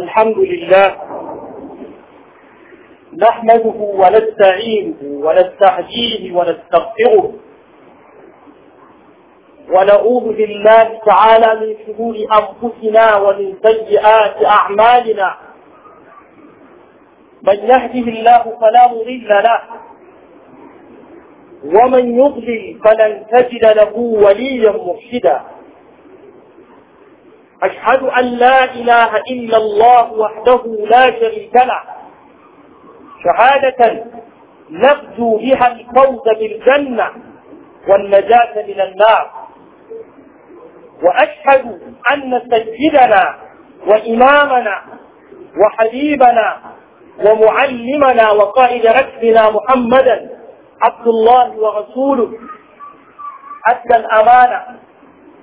الحمد لله نحمده ونستعينه ونستهديه ونستغفره ونعوذ بالله تعالى من شرور انفسنا ومن سيئات اعمالنا من يهده الله فلا مضل له ومن يضلل فلن تجد له وليا مرشدا أشهد أن لا إله إلا الله وحده لا شريك له شهادة نرجو بها الفوز بالجنة والنجاة من النار وأشهد أن سيدنا وإمامنا وحبيبنا ومعلمنا وقائد ركبنا محمدا عبد الله ورسوله أدى الأمانة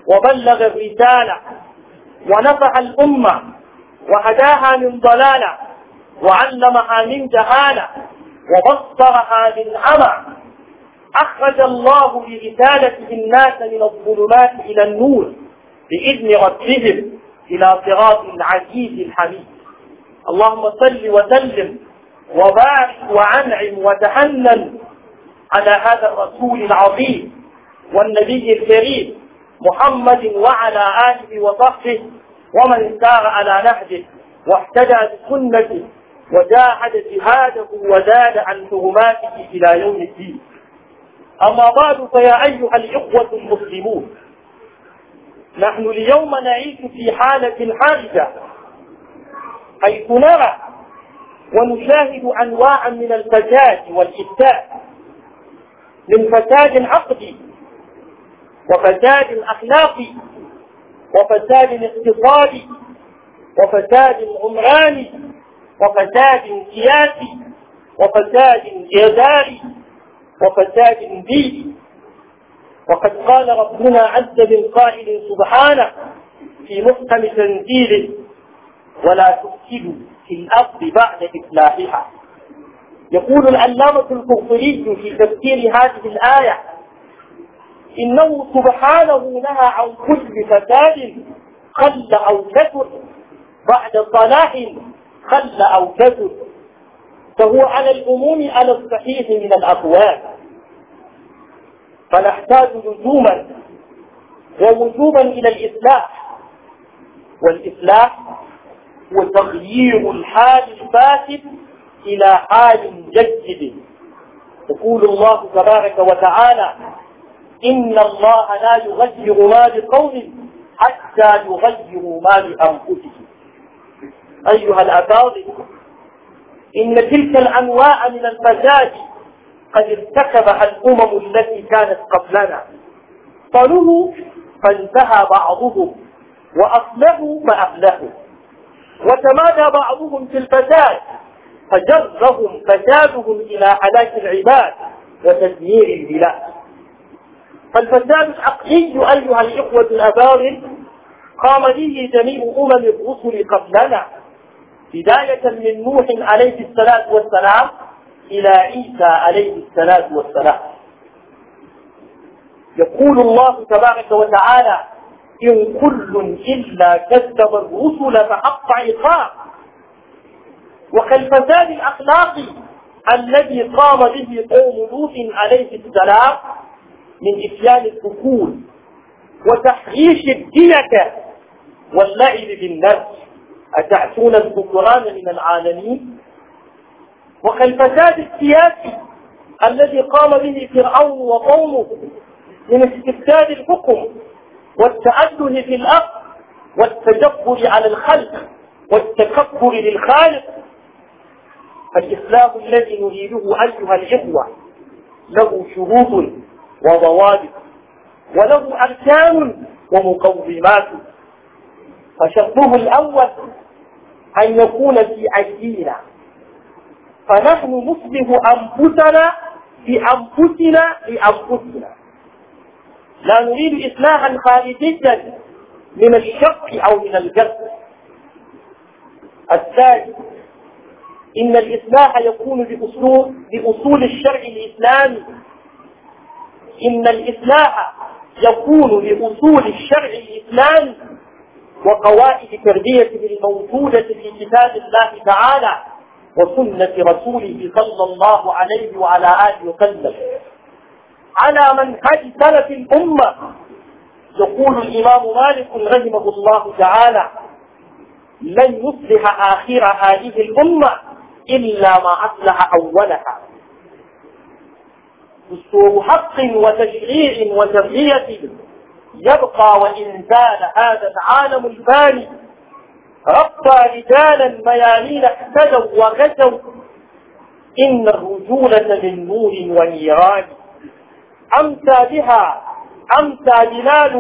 وبلغ الرسالة ونفع الأمة وهداها من ضلالة وعلمها من جهالة وبصرها من عمى أخرج الله برسالته الناس من الظلمات إلى النور بإذن ربهم إلى صراط العزيز الحميد اللهم صل وسلم وبارك وأنعم وتهنن على هذا الرسول العظيم والنبي الكريم محمد وعلى آله وصحبه ومن سار على نهجه واحتجى بسنته وجاهد جهاده وزاد عن حرماته إلى يوم الدين أما بعد فيا أيها الإخوة المسلمون نحن اليوم نعيش في حالة حرجة حيث نرى ونشاهد أنواعا من الفساد والإفساد من فساد عقدي وفساد أخلاقي وفساد اقتصادي وفساد عمراني وفساد سياسي وفساد جداري وفساد ديني وقد قال ربنا عز من قائل سبحانه في محكم تنزيله ولا تفسدوا في الأرض بعد إصلاحها يقول العلامة القرطبي في تفسير هذه الآية إنه سبحانه نهى عن كل فساد قل أو كثر بعد صلاح قل أو كثر فهو على العموم على الصحيح من الأقوال فنحتاج لزوما ووجوبا إلى الإصلاح والإصلاح هو تغيير الحال الفاسد إلى حال جيد يقول الله تبارك وتعالى إن الله لا يغير ما بقوم حتى يغيروا ما بأنفسهم أيها الأفاضل إن تلك الأنواع من الفساد قد ارتكبها الأمم التي كانت قبلنا طلبوا فانتهى بعضهم وأصلحوا فأفلحوا وتمادى بعضهم في الفساد فجرهم فسادهم إلى هلاك العباد وتدمير البلاد فالفساد العقلي أيها الإخوة الأبارل قام به جميع أمم الرسل قبلنا بداية من نوح عليه الصلاة والسلام إلى عيسى عليه الصلاة والسلام يقول الله تبارك وتعالى إن كل إلا كذب الرسل فحق عقاب وكالفساد الأخلاقي الذي قام به قوم لوط عليه السلام من إسلام الكفول وتحييش الدية واللعب بالنفس أتعتون الذكران من العالمين وكالفساد السياسي الذي قام به فرعون وقومه من استبداد الحكم والتأله في الأرض والتجبر على الخلق والتكبر للخالق فالإسلام الذي نريده أيها الإخوة له شروط وضوابط وله أركان ومقومات فشرطه الأول أن يكون في أيدينا فنحن نصبح أنفسنا بأنفسنا لأنفسنا لا نريد إصلاحا خارجيا من الشق أو من الجر الثاني إن الإصلاح يكون بأصول, بأصول الشرع الإسلامي إن الإصلاح يكون لأصول الشرع الإسلامي وقواعد تربيته الموجودة في كتاب الله تعالى وسنة رسوله صلى الله عليه وعلى آله وسلم على من منهج سلف الأمة يقول الإمام مالك رحمه الله تعالى لن يصلح آخر هذه الأمة إلا ما أصلح أولها أسلوب حق وتشريع وتربية يبقى وإن زال هذا العالم الفاني ربى رجالا ميامين احتدوا وغزوا إن الرجولة من نور ونيران أمسى بها أمسى بلال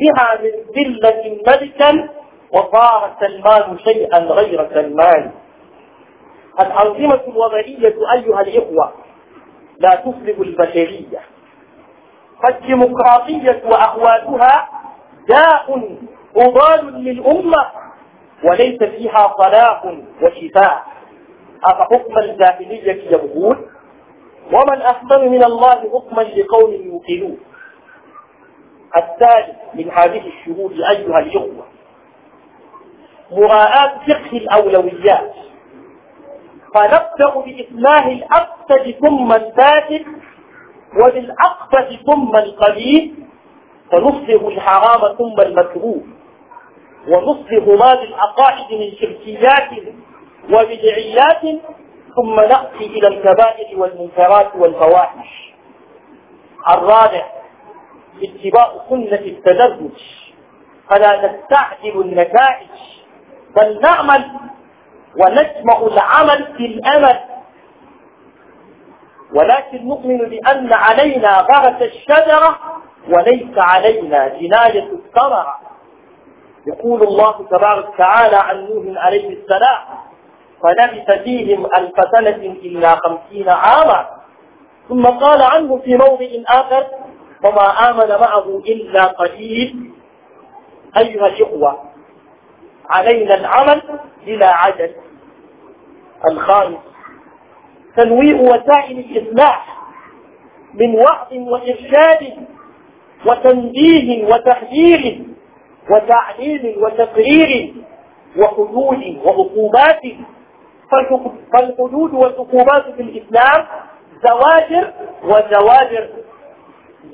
بها من ذلة ملكا وصار سلمان شيئا غير سلمان الأنظمة الوضعية أيها الإخوة لا تفلح البشرية فالديمقراطية وأخواتها داء أضال للأمة وليس فيها صلاح وشفاء أفحكم الجاهلية يبغون ومن أحسن من الله حكما لقوم يوقنون الثالث من هذه الشهود أيها الإخوة مراعاة فقه الأولويات فنبدأ بإصلاح الأفسد ثم الفاسد وبالأقبح ثم القليل فنصلح الحرام ثم المكروه ونصلح ما بالعقائد من شركيات وبدعيات ثم نأتي إلى الكبائر والمنكرات والفواحش الرابع اتباع سنة التدرج فلا نستعجل النتائج بل نعمل ونسمع العمل في الأمل ولكن نؤمن بأن علينا غرس الشجرة وليس علينا جناية الثمرة يقول الله تبارك وتعالى عن نوح عليه السلام فلبث فيهم ألف سنة إلا خمسين عاما ثم قال عنه في موضع آخر وما آمن معه إلا قليل أيها الإخوة علينا العمل بلا عدد الخامس تنويع وسائل الإصلاح من وعظ وإرشاد وتنبيه وتحذير وتعليم وتقرير وحدود وعقوبات فالحدود والعقوبات في الإسلام زواجر وزواجر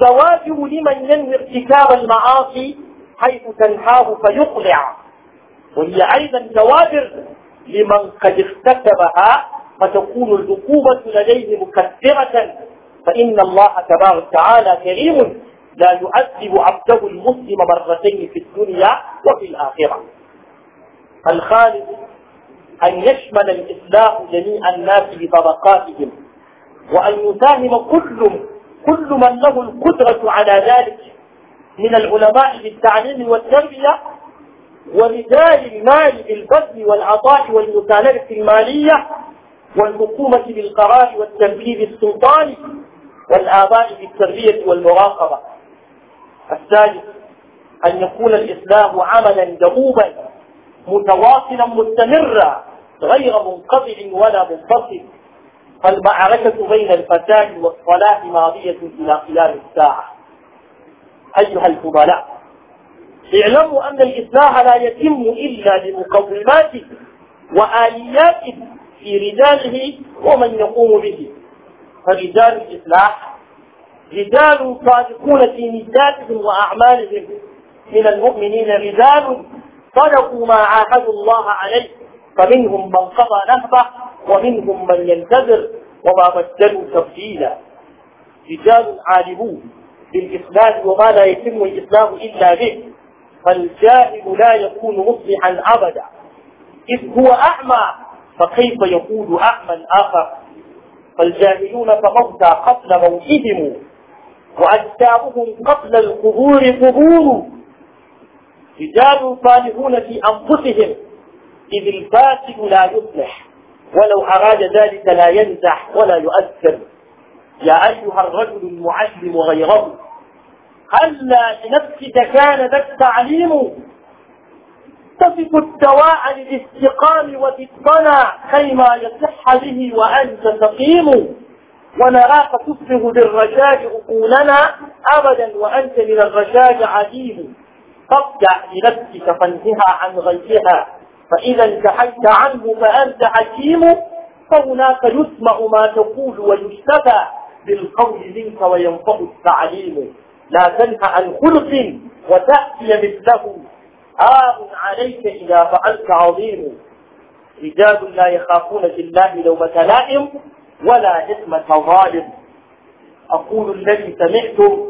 زواجر لمن ينوي ارتكاب المعاصي حيث تنحاه فيقلع وهي أيضا زواجر لمن قد اختتبها فتكون العقوبة لديه مكثرة فإن الله تبارك وتعالى كريم لا يعذب عبده المسلم مرتين في الدنيا وفي الآخرة الخالد أن يشمل الإسلام جميع الناس بطبقاتهم وأن يساهم كل كل من له القدرة على ذلك من العلماء بالتعليم والتربية ورجال المال بالبذل والعطاء والمساندة المالية والحكومة بالقرار والتنفيذ السلطاني والآباء بالتربية والمراقبة الثالث أن يكون الإسلام عملا دؤوبا متواصلا مستمرا غير منقطع ولا منفصل فالمعركة بين الفساد والصلاح ماضية إلى قيام الساعة أيها الفضلاء اعلموا أن الإصلاح لا يتم إلا بمقوماته وآلياته في رجاله ومن يقوم به فرجال الإصلاح رجال صادقون في نياتهم وأعمالهم من المؤمنين رجال صدقوا ما عاهدوا الله عليه فمنهم من قضى نهبه ومنهم من ينتظر وما بدلوا تبديلا رجال عالمون بالإسلام وما لا يتم الإسلام إلا به فالجاهل لا يكون مصلحا أبدا إذ هو أعمى فكيف يقول أعمى آخر فالجاهلون فموتى قبل موتهم وأجسامهم قبل القبور قبور رجال صالحون في أنفسهم إذ الفاسد لا يصلح ولو أراد ذلك لا ينزح ولا يؤثر يا أيها الرجل المعلم غيره هلا لنفسك كان ذا التعليم تصف الدواء للاستقام وتتقنى كيما يصح به وأنت سقيم ونراك تصبغ بالرشاد عقولنا أبدا وأنت من الرجاء عجيب فابدع لنفسك فانهها عن غيرها فإذا انتهيت عنه فأنت حكيم فهناك يسمع ما تقول ويشتفى بالقول منك وينفع التعليم لا تنهى عن خلق وتأتي مثله آه عليك إذا فعلت عظيم رجال لا يخافون في الله لومة لائم ولا إثمة ظالم أقول الذي سمعتم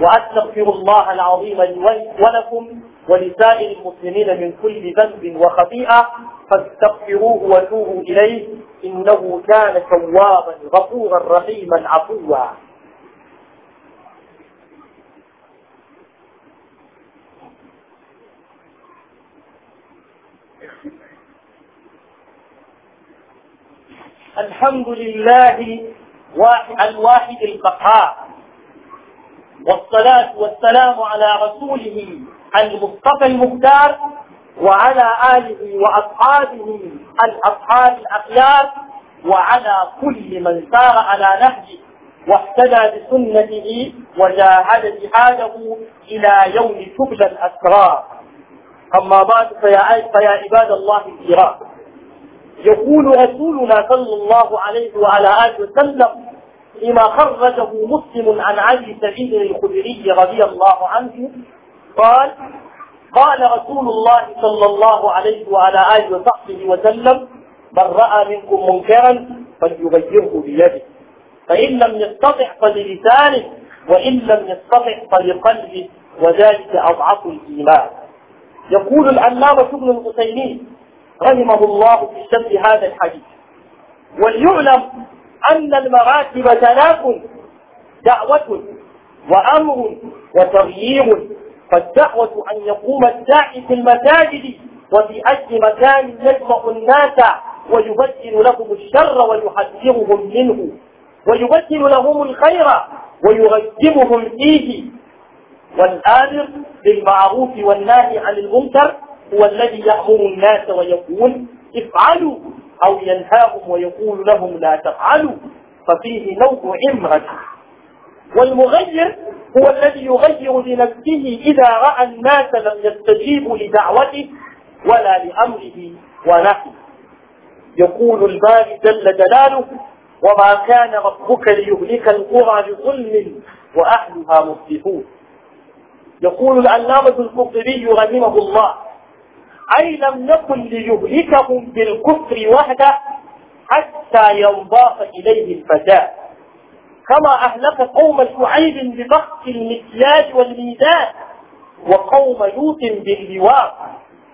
وأستغفر الله العظيم لي ولكم ولسائر المسلمين من كل ذنب وخطيئة فاستغفروه وتوبوا إليه إنه كان توابا غفورا رحيما عفوا الحمد لله الواحد القهار والصلاة والسلام على رسوله المصطفى المختار وعلى آله وأصحابه الأصحاب الأخيار وعلى كل من سار على نهجه واهتدى بسنته وجاهد جهاده إلى يوم تبلى الأسرار أما بعد فيا, فيا عباد الله الكرام يقول رسولنا صلى الله عليه وعلى آله وسلم لما خرجه مسلم عن علي سعيد الخدري رضي الله عنه قال قال رسول الله صلى الله عليه وعلى آله وصحبه وسلم من رأى منكم منكرا فليغيره بيده فإن لم يستطع فللسانه وإن لم يستطع فلقلبه وذلك أضعف الإيمان يقول العلامة ابن الحسينين رحمه الله في شرح هذا الحديث وليعلم أن المراتب ثلاث دعوة وأمر وتغيير فالدعوة أن يقوم الداعي في المساجد وفي أي مكان يجمع الناس ويبدل لهم الشر ويحذرهم منه ويبدل لهم الخير ويرتبهم فيه والآمر بالمعروف والناهي عن المنكر هو الذي يأمر الناس ويقول افعلوا أو ينهاهم ويقول لهم لا تفعلوا ففيه نوع إمرة والمغير هو الذي يغير لنفسه إذا رأى الناس لم يستجيبوا لدعوته ولا لأمره ونهيه يقول الباري جل جلاله وما كان ربك ليهلك القرى بظلم وأهلها مفلحون يقول العلامة القرطبي رحمه الله أي لم يكن ليهلكهم بالكفر وحده حتى ينضاف إليه الفتاة كما أهلك قوم شعيب ببخت المكياج والميزان وقوم لوط باللواء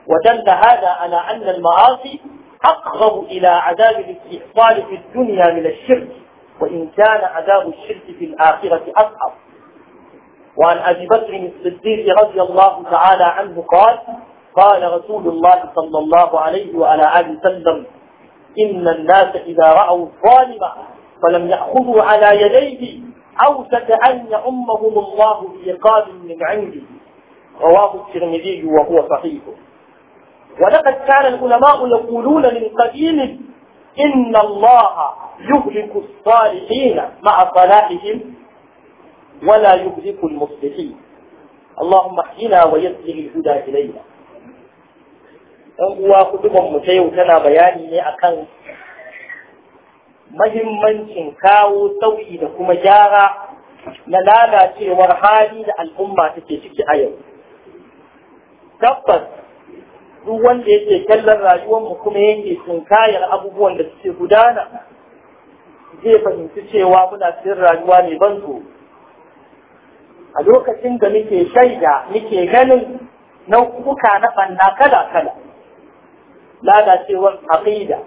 ودل هذا على أن المعاصي أقرب إلى عذاب الاستحصال في الدنيا من الشرك وإن كان عذاب الشرك في الآخرة أصعب وعن أبي بكر الصديق رضي الله تعالى عنه قال قال رسول الله صلى الله عليه وعلى آله وسلم إن الناس إذا رأوا الظالم فلم يأخذوا على يديه أوشك أن يعمهم الله بإيقاظ من عنده رواه الترمذي وهو صحيح ولقد كان العلماء يقولون من قديم إن الله يهلك الصالحين مع صلاحهم ولا يهلك المصلحين اللهم احينا ويسر الهدى إلينا ɗan uwa kutuban mu ta yau tana bayani ne akan mahimmancin kawo sauyi da kuma gyara na lalacewar hali da al'umma take ciki a yau tabbas duk wanda yake kallon rayuwar mu kuma yake tunkayar abubuwan da suke gudana zai fahimci cewa muna cikin rayuwa mai ban a lokacin da muke shaida muke ganin nau'uka na banna kala-kala lalacewar aqida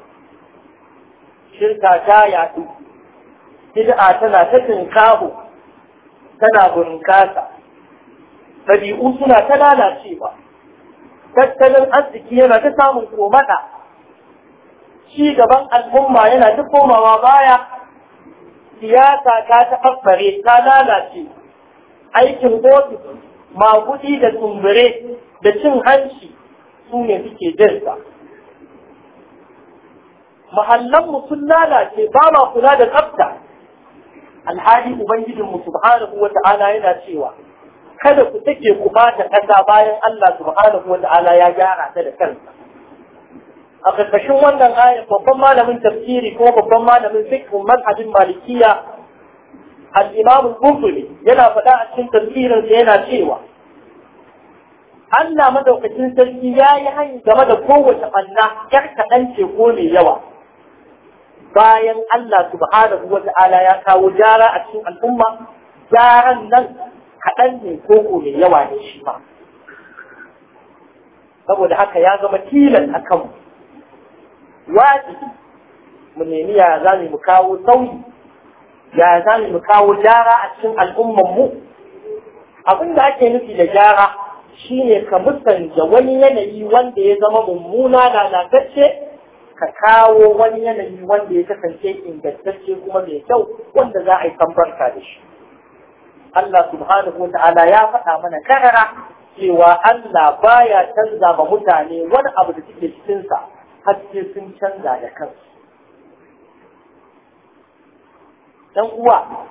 shirka ta yaɗu bid'a tana ta tinkaho tana bunkasa ɗabi'u suna ta lalacewa tattalin arziki yana ta samun komada ci gaban al'umma yana ta komawa baya siyasa ta taɓaɓɓare ta lalace aikin ofis maguɗi da tsumbure da cin hanci su ne suke jinsa mu sun lalace ba ma kula da tsafta alhali ubangijinmu subhanahu wa ta'ala yana cewa kada ku take ku ta ƙasa bayan Allah subhanahu wa ta'ala ya gyara ta da kansa a ƙarƙashin wannan ayar babban malamin tafsiri ko babban malamin fiqh mazhabin malikiyya al-imam yana faɗa a cikin tafsirin yana cewa Allah madaukakin sarki ya yi hani game da kowace ɓanna ƴar kaɗan ce ko mai yawa bayan Allah subhanahu wa ta'ala ya kawo jara a cikin al'umma jaran nan kaɗan ne ko mai yawa ne shi saboda haka ya zama tilan a kanmu wajibi mu nemi ya za mu kawo sauyi ya za mu kawo gyara a cikin al'ummar mu abin da ake nufi da gyara shine ka musanta wani yanayi wanda ya zama mummuna lalatacce ka kawo wani yanayi wanda ya kasance ingantacce kuma mai kyau wanda za a yi tambarka da shi Allah subhanahu wa ta'ala ya faɗa mana karara cewa Allah baya canza ma mutane wani abu da suke cikinsa har sai sun canza da kansu dan uwa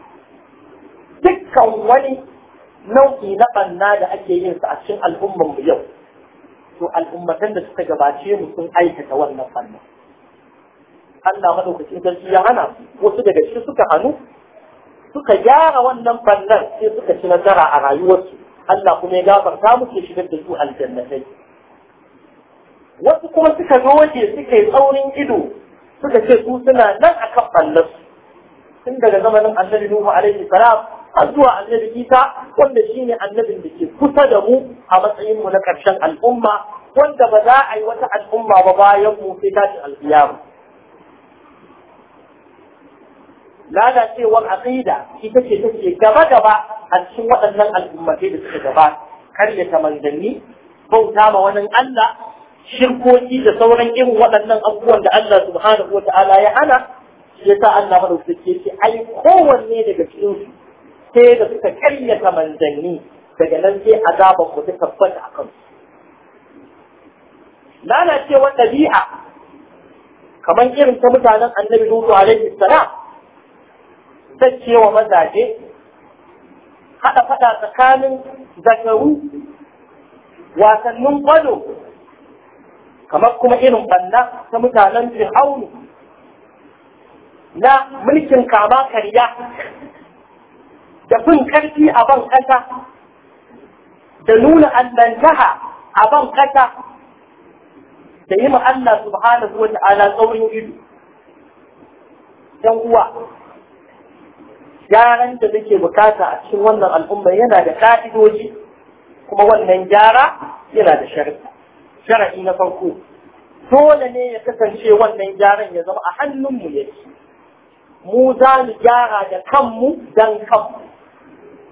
dukkan wani nau'i na banna da ake yin sa a cikin al'ummar mu yau to al'ummatan da suka gabace mu sun aikata wannan banna Allah madaukakin sarki ya hana wasu daga shi suka hannu suka gyara wannan bannan sai suka ci nasara a rayuwarsu Allah kuma ya gafarta musu ya shigar da su aljannatai wasu kuma suka zo waje suka yi tsaurin ido suka ce su suna nan akan ballarsu tun daga zamanin annabi Nuhu alaihi salam har zuwa annabi Isa wanda shine annabin da ke kusa da mu a matsayin mu na ƙarshen al'umma wanda ba za a yi wata al'umma ba bayan mu sai tashin alƙiyama lalacewar aqida ita ce take gaba gaba a cikin waɗannan al'ummatai da suka karya ta manzanni bauta ma wani Allah shirkoki da sauran irin waɗannan abubuwan da Allah subhanahu wa ta'ala ya hana ya sa Allah maɗaukaki ya ce ai kowanne daga cikin su sai da suka karyata manzanni daga nan sai azaban ku ta tabbata a kansu wa ɗabi'a kamar irin ta mutanen annabi Nuhu alaihi salam wa mazaje haɗa faɗa tsakanin zakaru wasannin kwano kamar kuma irin banna ta mutanen fir'aunu na mulkin kama karya da bin karfi a ban kasa da nuna allantaha a ban kasa da yi Allah subhanahu wa ta'ala tsaurin ido dan uwa gyaran da nake bukata a cikin wannan al'umma yana da ka'idoji kuma wannan gyara yana da shari'a sharaɗi na farko dole ne ya kasance wannan gyaran ya zama a hannunmu yake mu za mu gyara da kanmu don kanmu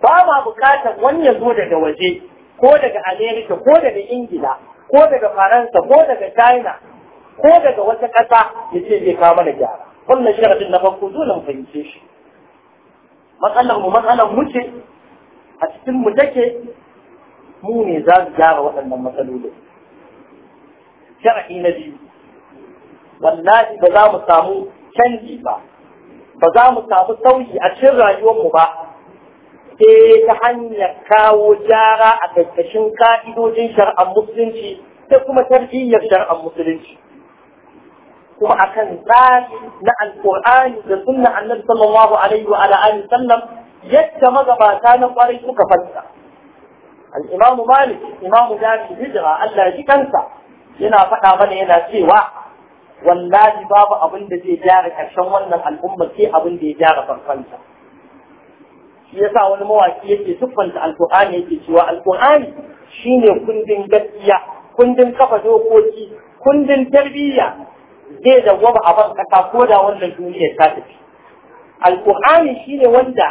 ba ma bukatar wani ya daga waje ko daga amerika ko daga ingila ko daga faransa ko daga china ko daga wata ƙasa ya ce zai kawo mana gyara wannan sharadin na farko dole mu fahimce shi matsalar mu matsalar mu ce a cikin mu take mu ne za su gyara waɗannan matsalolin sharadi na biyu wallahi ba za mu samu canji ba ba za mu samu sauyi a cikin rayuwarmu ba sai ta hanyar kawo jara a ƙarƙashin ka'idojin shar'an musulunci da kuma tarbiyyar shar'an musulunci kuma akan tsari na alƙur'ani da sunna annabi sallallahu alaihi wa alihi sallam yadda magabata na kwarai suka fassa al-imam malik imam jami'i hijra Allah ya kansa yana faɗa mana yana cewa wallahi babu abin da zai gyara karshen wannan al'umma sai abin da ya gyara farfanta? shi yasa wani mawaki yake siffanta alkur'ani yake cewa alkur'ani shine kundin gaskiya kundin kafa dokoki kundin tarbiyya zai dawwama a ban kasa ko da wannan duniyar ta tafi alkur'ani shine wanda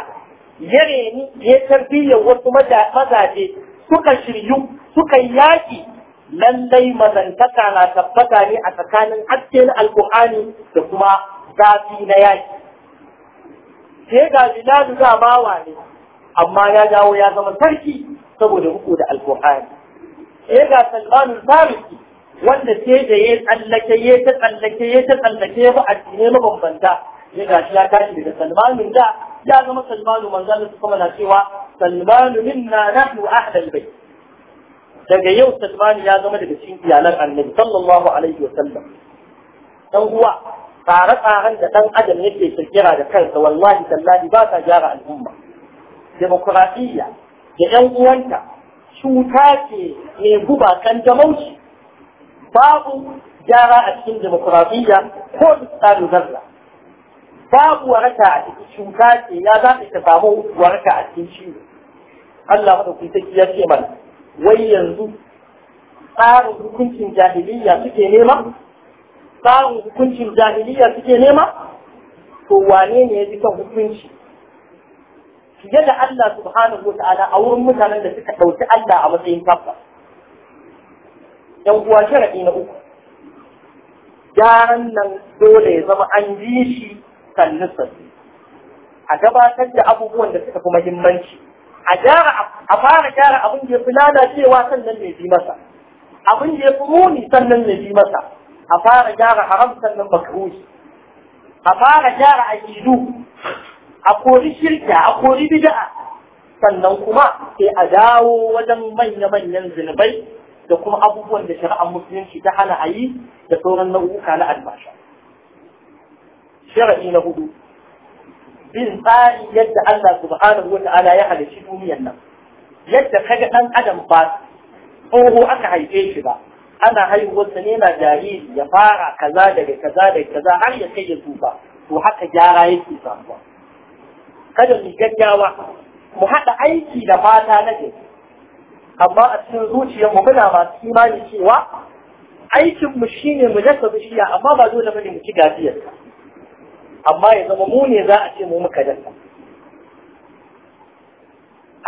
ya reni ya tarbiyya wasu mazaje suka shiryu suka yaki lallai mazantaka na tabbata ne a tsakanin aske na alkur'ani da kuma zafi na yaki sai ga za bawa ne amma ya dawo ya zama sarki saboda riko da alkur'ani sai ga salman farisi wanda sai da ya tsallake ya ta tsallake ya ta tsallake ya ba addinai mabambanta ya ya tashi daga Salmanu da ya zama salmanu manzo Allah kuma na cewa salmanu minna nahnu ahlul bait daga yau Salmanu ya zama daga cikin iyalan Annabi sallallahu alaihi wa sallam. dan uwa tsare-tsaren da dan adam yake kirkira da kansa wallahi tallahi ba ta gyara al'umma demokradiyya da 'yan uwanta cuta ce mai guba kan jamauci babu gyara a cikin demokradiyya ko tsarin zarra babu waraka a cikin cuta ce ya za ta samu waraka a cikin ciwo Allah madaukakin sarki ya ce mana wai yanzu tsarin hukuncin jahiliya suke nema tsarin hukuncin jahiliya suke nema to wane ne ya kan hukunci fiye da Allah subhanahu wa ta'ala a wurin mutanen da suka ɗauki Allah a matsayin kafa yan uwa sharaɗi na uku gyaran nan dole ya zama an ji shi sannu sannu a gabatar da abubuwan da suka fi muhimmanci a gyara a fara gyara abin da ya fi lalacewa sannan ne bi masa abin da ya fi muni sannan ne bi masa a fara gyara haram sannan makaruhi a fara gyara aqidu a kori shirka a kori bid'a sannan kuma sai a dawo wajen manya-manyan zunubai da kuma abubuwan da shari'ar musulunci ta hana a yi da sauran nau'uka na albasha shari'i na hudu bin tsari yadda Allah subhanahu wata'ala ya halicci duniyar nan yadda kaga dan adam ba tsoho aka haife shi ba ana haihuwarsa ne na jariri ya fara kaza daga kaza daga kaza har ya kai ya tufa to haka gyara yake samuwa kada mu gaggawa mu haɗa aiki da fata na gari amma a cikin zuciyar mu muna masu imani cewa aikin mu shine mu dasa bishiya amma ba dole bane mu ci gajiyar amma ya zama mu ne za a ce mu muka dasa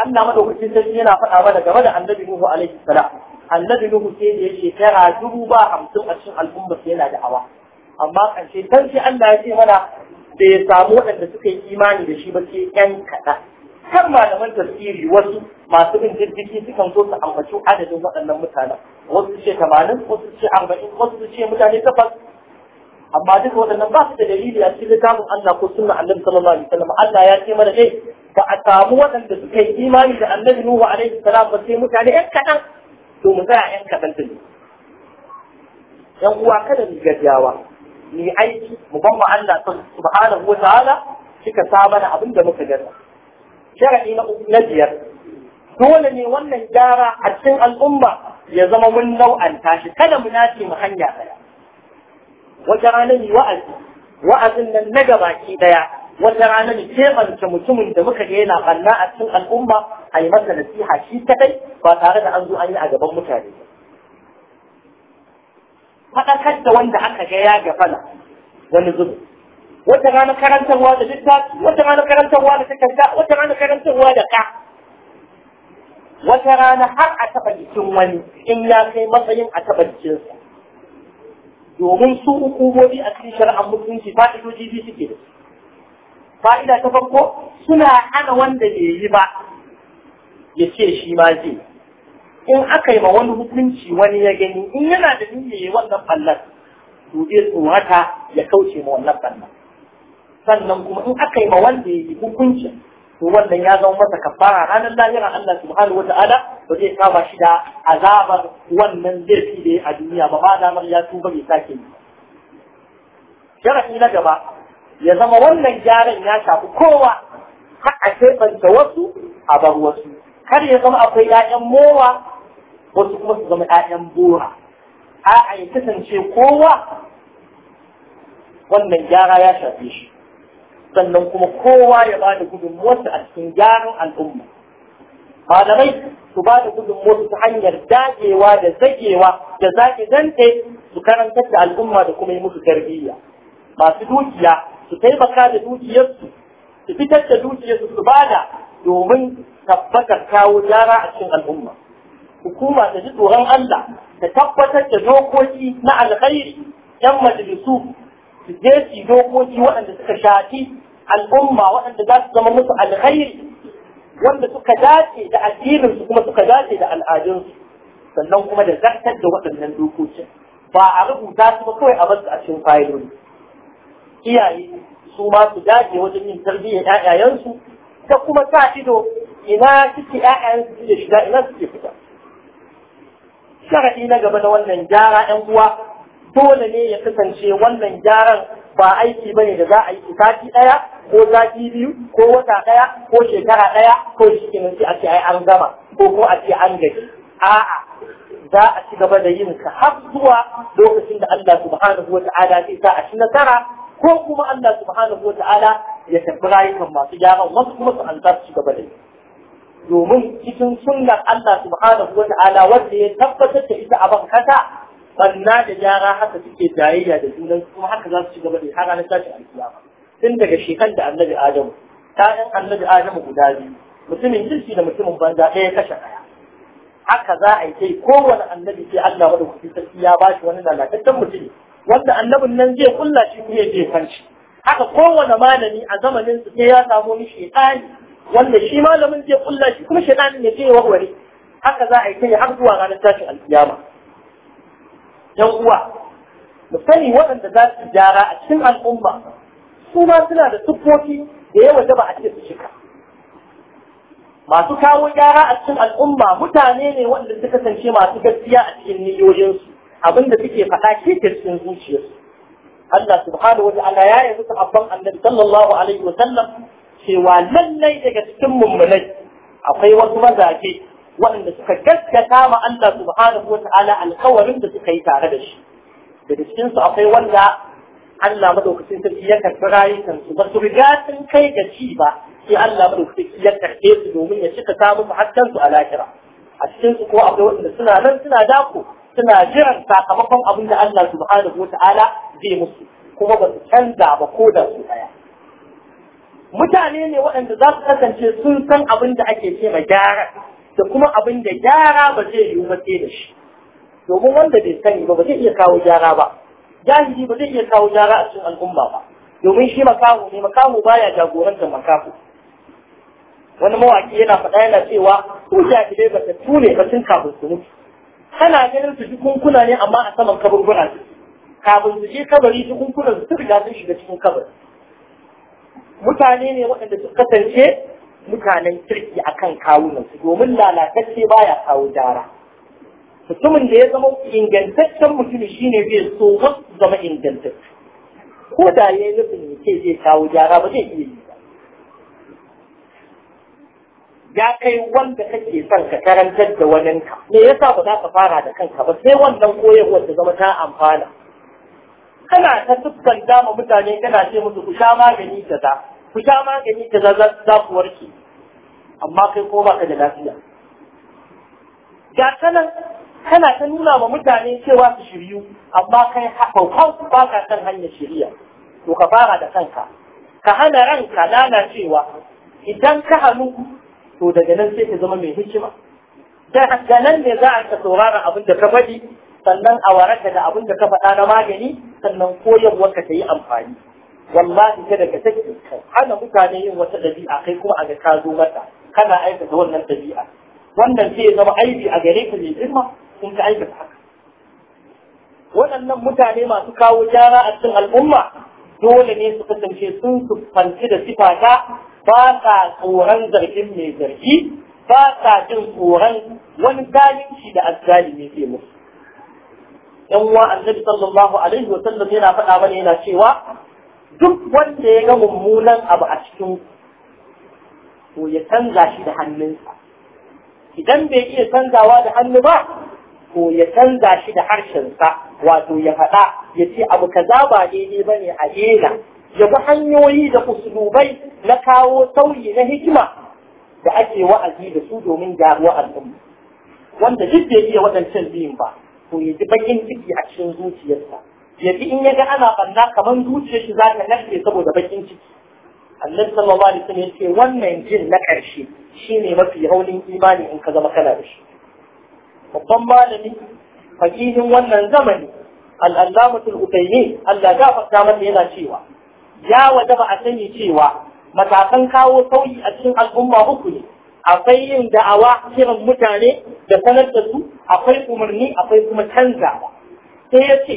Allah madaukakin sarki yana faɗa mana game da annabi Nuhu alaihi salam annabi Nuhu sai da ya shekara dubu ba hamsin a cikin al'umma sai yana da'awa amma ƙarshe kan sai Allah ya ce mana bai ya samu waɗanda suka yi imani da shi ba sai ƴan kaɗan kan malaman tafsiri wasu masu bin jirgin sukan zo su ambaci adadin waɗannan mutanen wasu ce tamanin wasu ce arba'in wasu ce mutane takwas amma duka waɗannan ba su da dalili a cikin littafin Allah ko sunna Annabi sallallahu alaihi wasallam Allah ya ce mana dai eh, ba a samu waɗanda suka yi imani da Annabi Nuhu alaihi salam ba sai mutane ƴan kaɗan to mu tsaya ƴan kaɗan ne ƴan uwa kada mu gajiyawa ni aiki mu ban mu Allah subhanahu wa ta'ala suka sa mana abin da muka gasa sharadi na na biyar dole ne wannan gyara a cikin al'umma ya zama mun nau'an tashi, kada mu nace mu hanya ɗaya wata rana ni wa'azi wa'azin nan na gabaki daya wata rana ni kebance mutumin da muka ga yana banna a cikin al'umma a yi masa nasiha shi kadai ba tare da an zo an yi a gaban mutane faɗakar da wanda aka ga ya gafala wani zubi wata rana karantarwa da littafi wata rana karantarwa da takarda wata rana karantarwa da ka wata rana har a taɓa jikin wani in ya kai matsayin a taɓa jikinsa domin su hukumomi a cikin shari'ar mutunci, fa'idoji biyu suke da fa'ida ta farko suna hana wanda bai yi ba ya ce shi ma zai in aka yi ma wani hukunci wani ya gani in yana da niyyar wannan ballar to zai tsorata ya kauce ma wannan ballar sannan kuma in aka yi ma wanda ya yi hukuncin to wannan ya zama masa kafara ranar lahira Allah subhanahu ta'ala ba zai kama shi da azabar wannan zai da a duniya ba ma damar ya tuba bai sake yi sharafi na gaba ya zama wannan gyaran ya shafi kowa har a keɓanta wasu a bar wasu kar ya zama akwai 'ya'yan mowa wasu kuma su zama 'ya'yan bora a'a ya kasance kowa wannan gyara ya shafe shi sannan kuma kowa ya ba da gudunmuwarsa a cikin gyaran al'umma malamai su ba da gudunmuwarsu ta hanyar dagewa da zagewa da zaki zante su karantar da al'umma da kuma yi musu tarbiyya masu dukiya su taimaka da dukiyarsu su fitar da dukiyarsu su bada domin tabbatar kawo gyara a cikin al'umma hukuma ta ji tsoron Allah ta tabbatar da dokoki na alkhairi yan majalisu su je dokoki waɗanda suka shafi al'umma waɗanda za su zama musu alkhairi wanda suka dace da addininsu kuma suka dace da al'adunsu sannan kuma da zartar da waɗannan dokokin ba a rubuta su ba kawai a basu a cikin fayiloli iyaye su ma su dace wajen yin tarbiyyar ƴaƴayensu ta kuma sa ido ina suke ƴaƴayensu suke shiga ina suke fita sharaɗi na gaba na wannan gyara ƴan uwa dole ne ya kasance wannan gyaran ba aiki ba ne da za a yi sati ɗaya ko zaki biyu ko wata daya ko shekara daya ko shikenan sai a ce ai an gama ko ko a ce an gaji a'a za a ci gaba da yin ka har zuwa lokacin da Allah subhanahu wata'ala zai sa a ci nasara ko kuma Allah subhanahu wata'ala ya tafi rayukan masu gyaran wasu kuma su ci gaba da yi domin cikin sunnar Allah subhanahu wata'ala wanda ya tabbatar da ita a ban banna da gyara haka suke jayayya da junan kuma haka za su ci gaba da har ranar tashin alkiyama tun daga shekan da annabi adamu ta'yan annabi adamu guda biyu mutumin kirki da mutumin banza ɗaya kashe ɗaya haka za a yi kai kowane annabi sai Allah madaukakin sarki ya ba shi wani lalatattun mutum wanda annabin nan zai kulla shi kuma zai fanci haka kowane malami a zamanin su sai ya samu ni shaytani wanda shi malamin zai kulla shi kuma shaytanin ya je warware haka za a yi kai har zuwa ranar tashin alkiyama dan uwa mu sani waɗanda za su gyara a cikin al'umma su ma suna da siffofi da yawa da ba a su masu kawo gyara a cikin al'umma mutane ne wanda suka kasance masu gaskiya a cikin niyoyinsu abinda suke faɗa ke cikin zuciyarsu Allah subhanahu wata'ala ya yi musu abban annabi sallallahu alaihi wa sallam cewa lallai daga cikin mummunai akwai wasu mazaje waɗanda suka gaskata ma Allah subhanahu wa ta'ala alkawarin da suka yi tare da shi da cikin su akwai wanda Allah madaukakin sarki ya karɓi rayukan su ba su riga sun kai ga ci ba sai Allah madaukakin sarki ya karɓe su domin ya cika samun hakkan su a lahira a cikin su ko akwai waɗanda suna nan suna dako suna jiran sakamakon abin da Allah subhanahu wa ta'ala zai musu kuma ba su canza ba ko da su ɗaya mutane ne waɗanda za su kasance sun san abin da ake ce ma gyara da kuma abin da gyara ba zai yi mace da shi domin wanda bai sani ba ba zai iya kawo gyara ba jahili ba zai iya kawo gyara a cikin al'umma ba domin shi makaho ne makaho baya jagorantar makaho wani mawaki yana faɗa yana cewa ko jahilai ba ta tune ba tun kafin su mutu kana ganin su jikunkuna ne amma a saman kaburbura su kafin su je kabari jikunkunan su riga sun shiga cikin kabari mutane ne waɗanda su kasance mutanen kirki akan kawunan su domin lalatacce baya kawo jara mutumin da ya zama ingantaccen mutum shine zai so wasu zama ingantacce ko da ya yi nufin ya zai kawo gyara, ba zai iya yi ba ya kai wanda kake son ka karantar da wani ka me yasa ba za ka fara da kanka ba sai wannan koyarwar ta zama ta amfana kana ta tuskanta ma mutane kana ce musu ku sha magani za ku sha magani zaza za ku warke amma kai ko baka da lafiya ga kanan kana ta nuna ma mutane cewa su shiryu amma kai hau ba ka kan hanyar shirya to ka fara da kanka ka hana ranka lalacewa idan ka hannu to daga nan sai ka zama mai hikima daga nan ne za a ka saurara abin da ka faɗi sannan a waraka da abin da ka faɗa na magani sannan ka ta yi amfani wallahi kada ka sake ana mutane yin wata dabi'a kai kuma a ga ka zo mata kana aikata wannan ɗabi'a. wannan sai ya zama aibi a gare ku mai girma in ka aikata haka waɗannan mutane masu kawo gyara a cikin al'umma dole ne su kasance sun siffanci da sifata ba sa tsoron zargin mai zargi ba sa jin tsoron wani zalunci da azzalimi ke musu. ‘Yan wa annabi sallallahu alaihi wa sallam yana faɗa mana yana cewa duk wanda ya ga mummunan abu a cikin to ya canza shi da hannunsa idan bai iya canzawa da hannu ba to ya canza shi da harshensa wato ya faɗa ya ce abu kaza ba daidai ba ne a yena ya bi hanyoyi da usulubai na kawo sauyi na hikima da ake wa'azi da su domin gyaruwa al'umma wanda duk bai iya waɗancan biyun ba to ya ji bakin ciki a cikin zuciyarsa yabi in ya ga ana banna kamar dutse shi za ta narke saboda bakin ciki annabi sallallahu alaihi wasallam yace wannan jin na ƙarshe shine mafi raunin imani in ka zama kana da shi babban malami fakihin wannan zamani al-allamatu al Allah ya fata mata yana cewa ya wajaba a sani cewa matakan kawo sauyi a cikin al'umma uku ne akwai yin da'awa kiran mutane da sanar da su akwai umarni akwai kuma canzawa sai ya ce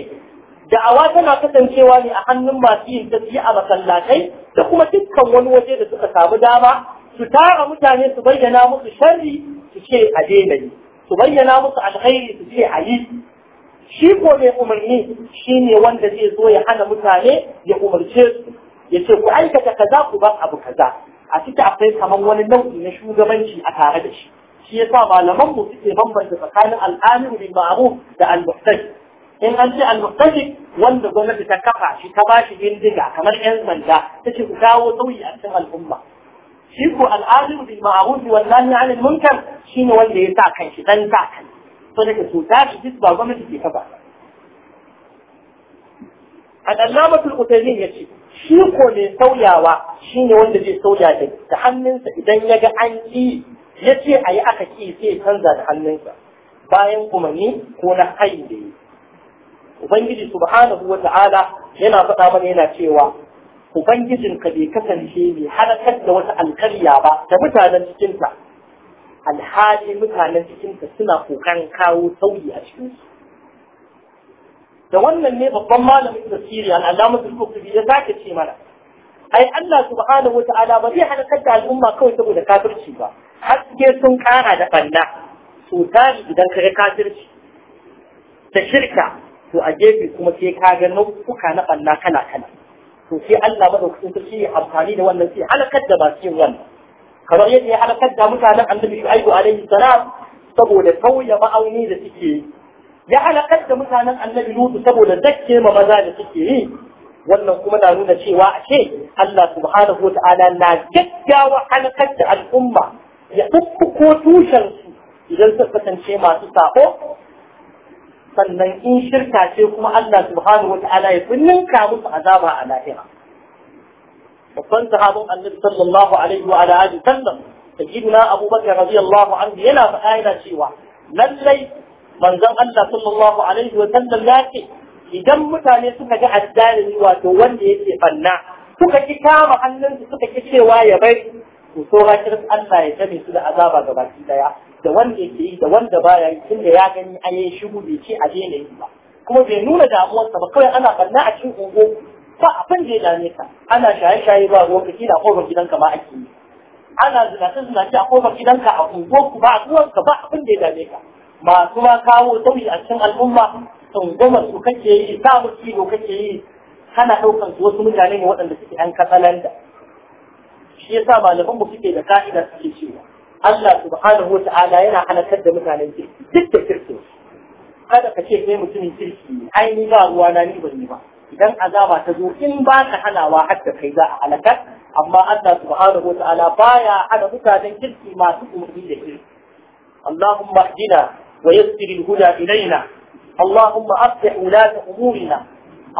da'awa tana kasancewa ne a hannun masu yin tafiya a masallatai da kuma dukkan wani waje da suka samu dama su tara mutane su bayyana musu sharri su ce a daina yi su bayyana musu alkhairi su ce a yi shi ko mai umarni shi ne wanda zai zo ya hana mutane ya umarce su ya ce ku aikata kaza ku bar abu kaza a ciki akwai kamar wani nau'i na shugabanci a tare da shi shi yasa malaman mu suke bambanta tsakanin al'amiru bin ma'ruf da al-muhtaj in an ce al-muqtasid wanda gwamnati ta kafa shi ta ba shi bindiga kamar yan sanda ta ce ku kawo sauyi a cikin al'umma shi ko al'adun bil ma'ruf wal nahy 'anil munkar shine wanda ya sa kanshi dan sa kan to daga to ta shi duk ba gwamnati ke kafa al-allamatul ya yace shi ko mai sauyawa shine wanda zai sauya da hannunsa idan ya ga an yi a yi aka ki sai canza da hannunsa bayan umarni ko na hayi da yi ubangiji subhanahu wa ta'ala yana faɗa mana yana cewa ubangijin ka bai kasance mai halakar da wata alkarya ba da mutanen cikinta alhali mutanen cikinta suna kokarin kawo sauyi a cikinsu da wannan ne babban malamin tafsiri al'alamatul qurtubi ya sake ce mana ai Allah subhanahu wata'ala ba zai halakar da al'umma kawai saboda kafirci ba haske sun kara da banna so idan ka ga kafirci da shirka to a gefe kuma sai ka ga nau'uka na ɓanna kala kala to sai Allah kusa sarki ya amfani da wannan sai halakar da bakin wannan kamar yadda ya halakar da mutanen annabi shu'aibu alaihi salam saboda sauya ma'auni da suke yi ya halakar da mutanen annabi lutu saboda dakke ma maza da suke yi wannan kuma na nuna cewa ce. Allah subhanahu ta'ala na gaggawa halakar da al'umma ya ɗauko tushen su idan suka kasance masu sako sannan in shirka ce kuma Allah subhanahu wa ta'ala ya ninka musu azaba a lahira babban sahabin annabi sallallahu alaihi wa alihi sallam sayyidina abubakar radiyallahu anhu yana faɗa yana cewa lallai manzon Allah sallallahu alaihi wa sallam ya ce idan mutane suka ga addalimi wato wanda yake banna suka ki kama hannunsu suka ki cewa ya bari to saura kiris Allah ya tare su da azaba gabaki daya da wanda yake yi da wanda baya yi tunda ya gani an yi shigo bai ce a daina yi ba kuma bai nuna damuwarsa ba kawai ana barna a cikin ungo ba abin da ya dame ka ana shaye-shaye ba ruwan kaki na kofar gidanka ma ake yi ana zinace-zinace a kofar gidanka a ungo ku ba ruwanka ba abin da ya dame ka masu ma kawo sauyi a cikin al'umma goma su kake yi sa mu kilo kake yi kana ɗaukar su wasu mutane ne waɗanda suke ɗan katsalanda shi yasa malaman mu suke da ka'ida suke cewa الله سبحانه وتعالى ينا على كده مثلا انت ستة كرتون هذا كشيء ما يمكن يصير اي نيجا وانا نيجا نيجا إذن عذاب تزور إن بان حنا واحد تخيضاء على كده أما الله سبحانه وتعالى بايا على مثلا كرتون ما تقوم به اللهم اهدنا ويسر الهدى إلينا اللهم أصلح ولاة أمورنا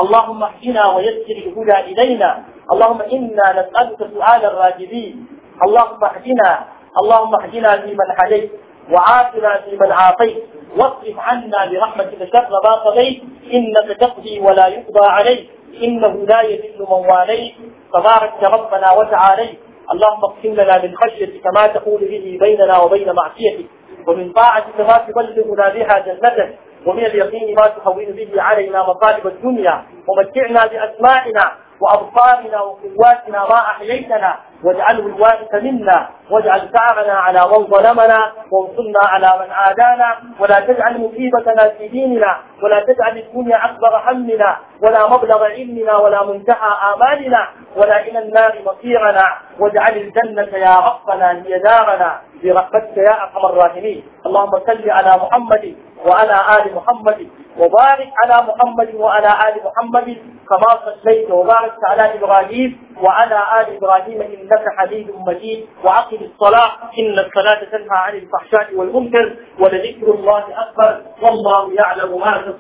اللهم اهدنا ويسر الهدى إلينا اللهم إنا نسألك سؤال الراجلين اللهم اهدنا اللهم اهدنا فيمن هديت وعافنا فيمن عافيت واصرف عنا برحمتك شر ما قضيت انك تقضي ولا يقضى عليك انه لا يذل من واليت تبارك ربنا وتعاليت اللهم اقسم لنا من خشيتك ما تقول به بيننا وبين معصيتك ومن طاعتك ما تبلغنا بها جنتك ومن اليقين ما تهون به علينا مصائب الدنيا ومتعنا باسمائنا وابصارنا وقواتنا ما احييتنا واجعله الوارث منا واجعل ثأرنا على من ظلمنا وانصرنا على من عادانا ولا تجعل مصيبتنا في ديننا ولا تجعل الدنيا أكبر همنا ولا مبلغ علمنا ولا منتهى آمالنا ولا إلى النار مصيرنا واجعل الجنة يا ربنا هي دارنا برحمتك يا أرحم الراحمين اللهم صل على محمد وعلى آل محمد وبارك على محمد وعلى آل محمد كما صليت وباركت على إبراهيم وعلى آل إبراهيم إنك حميد مجيد وعقد الصلاة إن الصلاة تنهى عن الفحشاء والمنكر ولذكر الله أكبر والله يعلم ما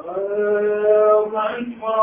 تصنعون